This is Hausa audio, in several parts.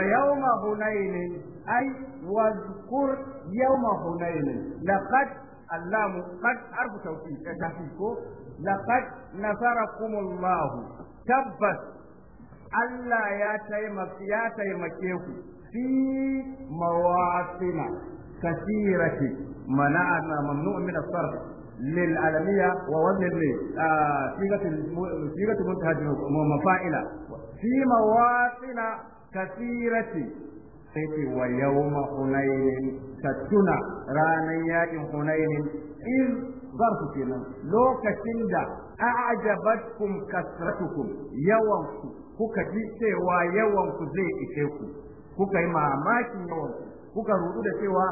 يوم هنين أي واذكر يوم هنين لقد اللام قد حرف توكيد لقد نصركم الله تبت ألا يا تيمك يا تيمك في مواطن كثيرة منع ممنوع من الصرف للعالمية ووزن صيغة صيغة منتهى مفاعلة في مواطن kasirati sai ce wa yawma hunainin ka tuna ranar yakin hunainin iz zarfu kenan lokacin da a'jabatkum kasratukum yawanku kuka ji cewa yawanku zai ishe ku kuka yi mamakin yawanku kuka rudu da cewa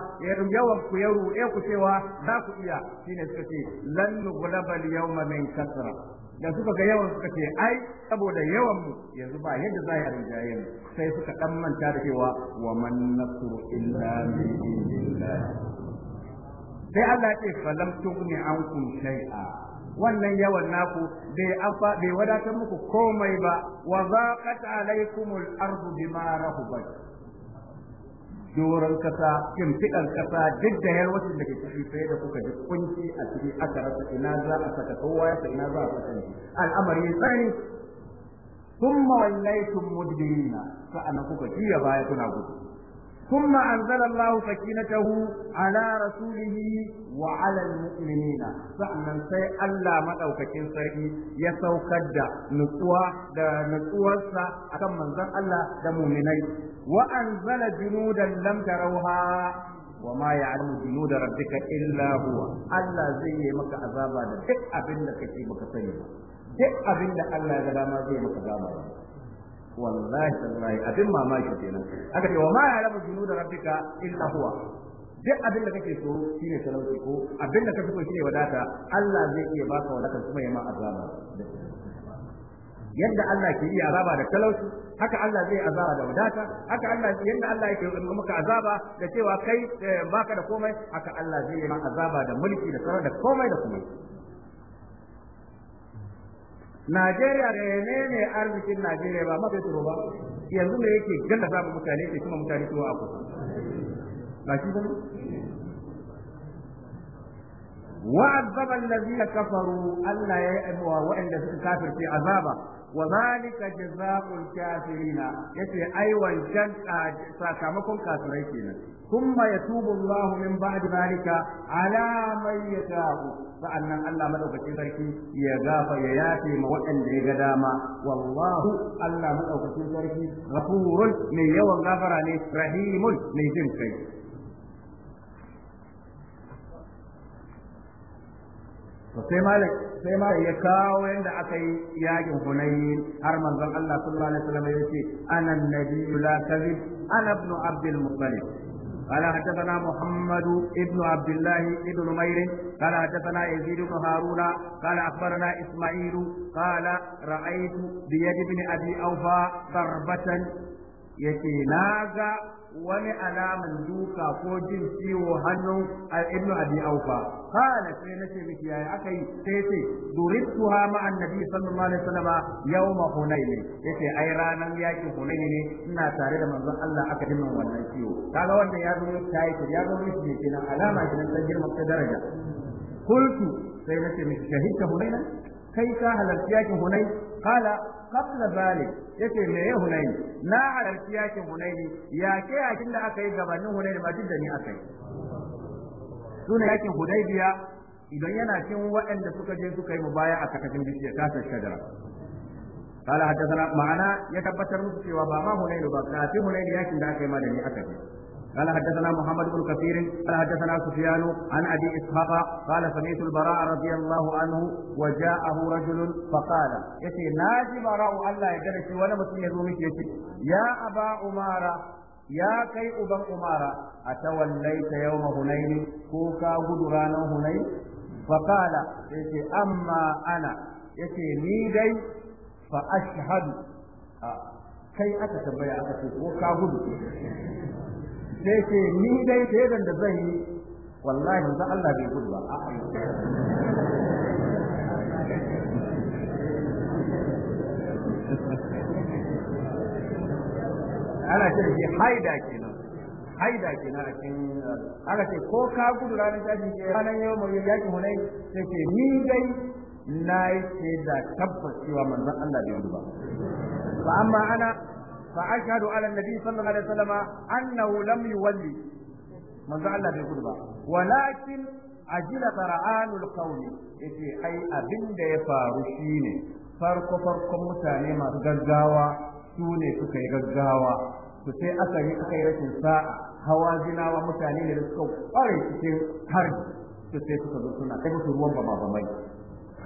yawan ku ya ruɗe ku cewa za ku iya shine suka ce lan nughlaba al-yawma min kasra da suka ga yawan suka ce ai saboda yawan mu yanzu ba yadda za a rinjaye mu sai suka dan manta da cewa wa man nasru illa billah sai Allah ya ce falam an ankum shay'a wannan yawan naku bai afa bai wadatar muku komai ba wa zaqat alaykumul ardu bima rahubat doron kasa kimfiɗar kasa duk da yalwacin da ke ciki sai da kuka ji kunci a ciki aka rasa ina za a saka kowa ya ina za a saka al'amari tsani thumma wallaytum mudbirina na kuka juya baya kuna gudu ثم أنزل الله سكينته على رسوله وعلى المؤمنين فأنا سي ألا مدعو كتين سيئي يسو كد نسوى دا نسوى سا أكم منزل ألا دا مؤمني وأنزل جنودا لم تروها وما يعلم جنود ربك إلا هو ألا زي مكا عذابا دا دك أبن لك كي مكا سيئا دك أبن لك ألا دا ما زي مكا عذابا wallahi tallahi abin mamaki kenan aka ce wa ma junu da rabbika illa huwa duk abin da kake so shine salauti ko abin da kake so shine wadata Allah zai iya baka wadata kuma ya ma azaba yadda Allah ke iya azaba da talauci haka Allah zai azaba da wadata haka Allah yadda Allah yake maka azaba da cewa kai eh, baka da komai haka Allah zai yi maka azaba da mulki da da komai da komai Najeriya da ya nene arzikin Najeriya ba mafi tsoro ba yanzu me yake ganda samun mutane ke kuma mutane tuwa a kusa ba shi zama? وعذب الذين كفروا ألا يأبوا وإن كافر في عذابه وذلك جزاء الكافرين يتي أي والجن ساكمكم كافرين ثم يتوب الله من بعد ذلك على من يشاء فأن الله ملوك تركي يغاف يياتي موئن قداما والله الله ملوك تركي غفور من يوم غفراني رحيم من جنكي sai malik sai malik ya kawo yanda aka yi yakin hunayn har manzon Allah sallallahu alaihi wasallam ya ce ana nabiyyu la kadhib ana ibn abdul muttalib قال حدثنا محمد ابن عبد الله ابن نمير قال حدثنا يزيد بن هارون قال اخبرنا اسماعيل قال رايت بيد ابن ابي اوفى ضربه يتي wani alaman duka ko jin ciwo hannun ibn abi aufa kana sai nace miki yayi akai yi sai ce durituha ma annabi sallallahu alaihi wasallam yawm hunayn yace ai ranan yaki hunayn ne ina tare da manzon Allah aka dinnan wannan ciwo kaga wanda ya zo ta yi ya zo miki ne alama kenan ta girma ta daraja kultu sai nace miki shahidta hunayna kai ka halarci yakin hunayn kala qabla zalik yace me ya hunai na halarci yakin ya ke yakin da aka yi gabanin hunaini ba duk da ni aka yi yakin hudaybiya idan yana cin waɗanda suka je suka yi baya a kakashin bishiya kasar shajara قال حدثنا معنا يتبتر مسكي وباما هنين وبكاتي هنين ياكن da ما دني أكبر قال حدثنا محمد بن كثير قال حدثنا سفيان عن ابي اسحاق قال سمعت البراء رضي الله عنه وجاءه رجل فقال يتي ناجي براء الله يدرك ولا مسلم يرومك يا ابا عماره ya kai uban umara a tawallaita yau hunaini ko ka gudu ranar hunai faƙala ya ce amma ana ya ce ni dai fa ashhadu kai aka tambaya aka ce ko ka gudu sai ce ni dai shaidan da zan yi wallahi za Allah bai gudu ba ana ce shi haida kenan haida kenan a cikin ana ce ko ka gudu ranar tashin ke ranar yau mai yakin hunai sai ce ni dai na yi ce da tabbas cewa manzon Allah bai gudu ba amma ana فأشهد على النبي صلى الله عليه وسلم أنه لم يولي من ذا الله بيقول ولكن أجل برعان القول يتي أي أبن دي فارشيني farko farkon mutane masu gaggawa sune ne suka yi gaggawa su sai aka yi aka yi rashin sa'a hawa zinawa mutane da suka kware cikin harbi suka suna musu ruwan bama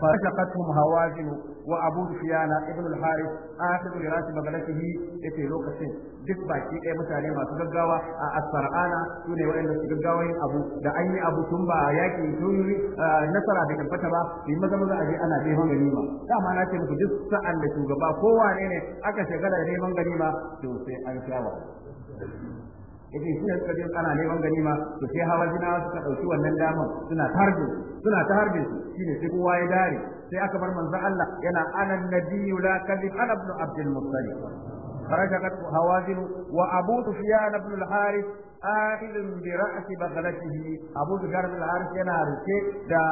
فرشقتهم هوازن وابو سفيان ابن الحارث اخذ لراس بغلته yace lokacin duk baki ɗaya mutane masu gaggawa a asfar'ana su ne waɗanda su gaggawa yin abu da an yi abu tun ba yaƙi yi nasara da tabbata ba yi maza maza aje ana neman ganima dama na ce muku duk sa'an da shugaba kowane ne ne aka shagala da neman ganima to sai an sha yace suna suka je ana neman ganima to sai hawazina suka dauki wannan daman suna tarbi suna ta harbe su shine sai kowa ya dare sai aka bar manzon Allah yana anan nabiyyu la kadhib ana ibn abdul muttalib خرجت هوازن وابو سفيان بن الحارث a'idin bi ra'si baghlatihi abu zubair bin al-harith yana rike da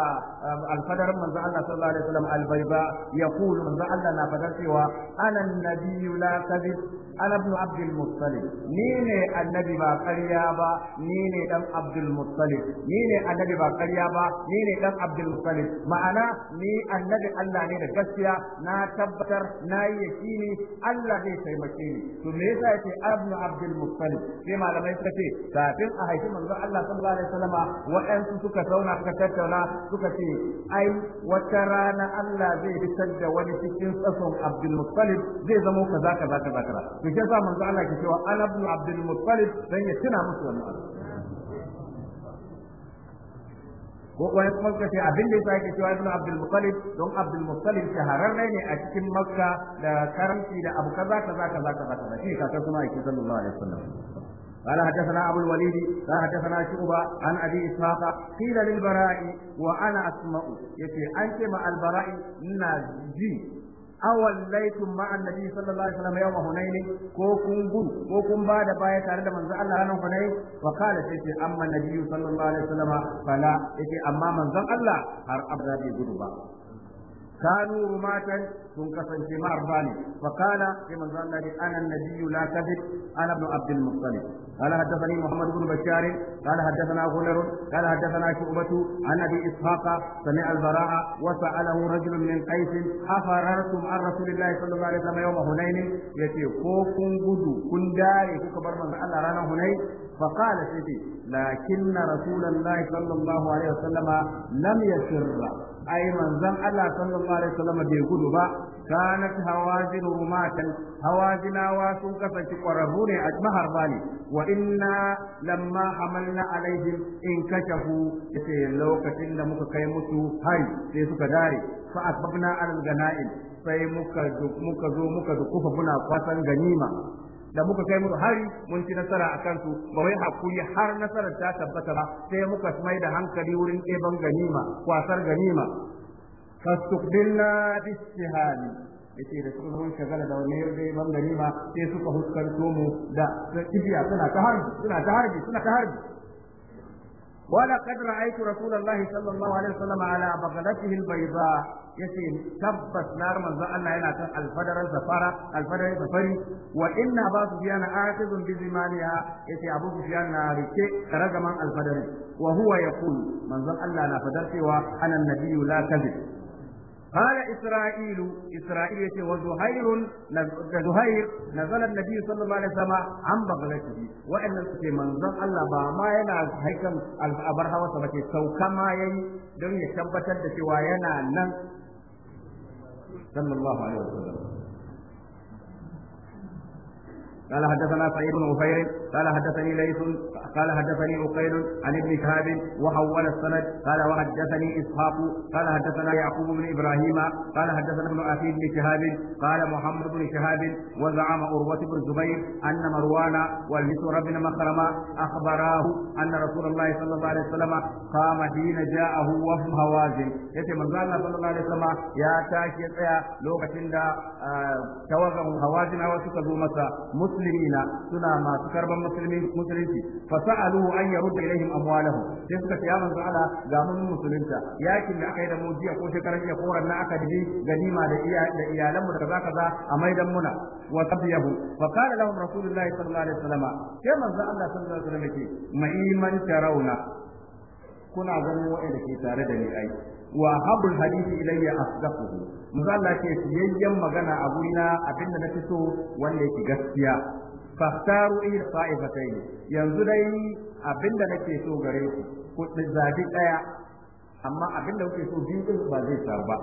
al-fadar manzo Allah sallallahu alaihi wasallam al-bayba yaqulu manzo Allah na fadar cewa ana nabiyyu la kadhib ana ni ne annabi ba ƙarya ba ni ne dan abd al ni ne annabi ba ƙarya ba ni ne dan abd al ma'ana ni annabi Allah ne da gaskiya na tabbatar na yi yakini Allah zai taimake ni to me yasa yake ibn abd al sai malamai suka ce kafin a haifi manzo Allah sallallahu alaihi wasallama waɗansu suka zauna suka tattauna suka ce ai wata rana Allah zai fitar da wani cikin tsason Abdul Muttalib zai zama kaza kaza kaza kaza to sai sa manzo Allah ke cewa ana ibn Abdul Muttalib dan ya tuna musu wannan ko kuma kuma ka ce abin da yake cewa ibn Abdul Muttalib don Abdul Muttalib shahararre ne a cikin Makka da karanci da abu kaza kaza kaza kaza shi ka kuma yake sallallahu alaihi wasallam قال حدثنا أبو الوليد قال حدثنا شعبة عن أبي إسحاق قيل للبراء وأنا أسمع يتي أنت مع البراء نجي awallaitum ma annabi sallallahu alaihi wasallam yawma hunain ko kun gudu ko kun ba da baya tare da manzo Allah ranar hunain fa kala sai ce amma nabi sallallahu alaihi wasallam fala yake amma manzon Allah har abada bai gudu ba كانوا رماة sun kasance ma'arba ne fakala sai manzo Allah ne ana nabiyyu la kadhib ana ibn abdul muttalib قال حدثني محمد بن بشار قال حدثنا غندر قال حدثنا شعبة عن ابي اسحاق سمع البراء وسأله رجل من قيس افررتم عن رسول الله صلى الله عليه وسلم يوم هنين يتي كوكم غدو كن داري كبر من الله رانا هنين فقال سيدي لكن رسول الله صلى الله عليه وسلم لم يسر ai manzon Allah sallallahu alaihi wasallam bai gudu ba kanat hawazinu rumatan hawazinawa sun kasance kwararru ne a maharba ne wa inna lamma hamalna alaihim in kashafu yace lokacin da muka kai musu hari sai suka dare fa asbabna al ganaim sai muka muka zo muka dukufa muna kwasan ganima da muka kai musu hari mun ci nasara a kansu ba wai hakuri har nasarar ta tabbata ba sai muka mai da hankali wurin ɗeban ganima kwasar ganima fastuqbilna bisihani yace da suka zo shagala da wani yau dai ban ganima sai suka huskanto mu da kibiya suna ta harbi suna ta harbi suna ta harbi ولقد رأيت رسول الله صلى الله عليه وسلم على بغلته البيضاء yace tabbas nar manzon Allah yana kan alfadarar zafara alfadarar zafari wa inna ba sufyan akhizun bi zimaniha yace abu biya na rike ragaman alfadari wa huwa yaqulu manzon Allah na fadar cewa anan nabiyyu la kadhib قال إسرائيل إسرائيل وزهير زهير نزل النبي صلى الله عليه وسلم عن بغلته وإن في منظر الله با ما ينا هيكل الأبرها وسبك سو كما يي دون يثبت da cewa yana nan sallallahu alaihi wasallam قال حدثنا سعيد بن قال حدثني ليث قال حدثني عقيل عن ابن شهاب وحول السند قال وحدثني اسحاق قال حدثنا يعقوب بن ابراهيم قال حدثنا ابن اخي بن شهاب قال محمد بن شهاب وزعم عروه بن الزبير ان مروان والمسور بن مخرمه اخبراه ان رسول الله صلى الله عليه وسلم قام حين جاءه وفد هوازن yace manzo Allah sallallahu alaihi wasallam ya tashi ya tsaya lokacin da tawagan hawazina suka zo masa muslimina suna masu karban malaman musulmi musulunci fa sa'aluhu an yarudda ilaihim amwalahu sai suka ce ya manzo Allah ga mun musulunta yakin da aka yi da mu jiya ko shekaran jiya ko ranna aka diji ganima da iya da iyalan mu da kaza kaza a maidan muna wa tabiyahu fa qala lahum rasulullahi sallallahu alaihi wasallam sai manzo Allah sallallahu alaihi wasallam ce tarawna kuna ganin wa'anda ke tare da ni ai wa habul hadisi ilayya asdaquhu manzo Allah ce yayyan magana a gurina abinda na fito wanda yake gaskiya fahtaru ila ne, yanzu dai abinda nake so gare ku ku zabi daya amma abinda kuke so biyu din ba zai samu ba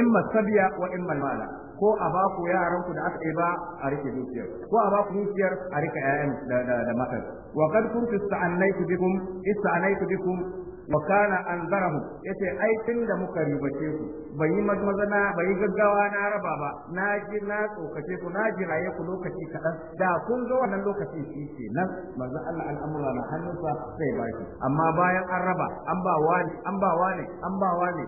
imma sabiya wa imma mala ko a ba ku yaran ku da aka yi ba a rike dukiyar ko a ba ku dukiyar a rike ayyan da da da matar wa qad kuntu sta'anaytu bikum ista'anaytu bikum wa kana anzarahu yace ai tun da muka ribace ku ban yi maza na ban yi gaggawa na raba ba na ji na tsokace ku na ji raye ku lokaci kaɗan da kun zo wannan lokaci shi ke nan manzo Allah al'amura na hannunsa sai ba shi amma bayan an raba an ba wani an ba wani an ba wani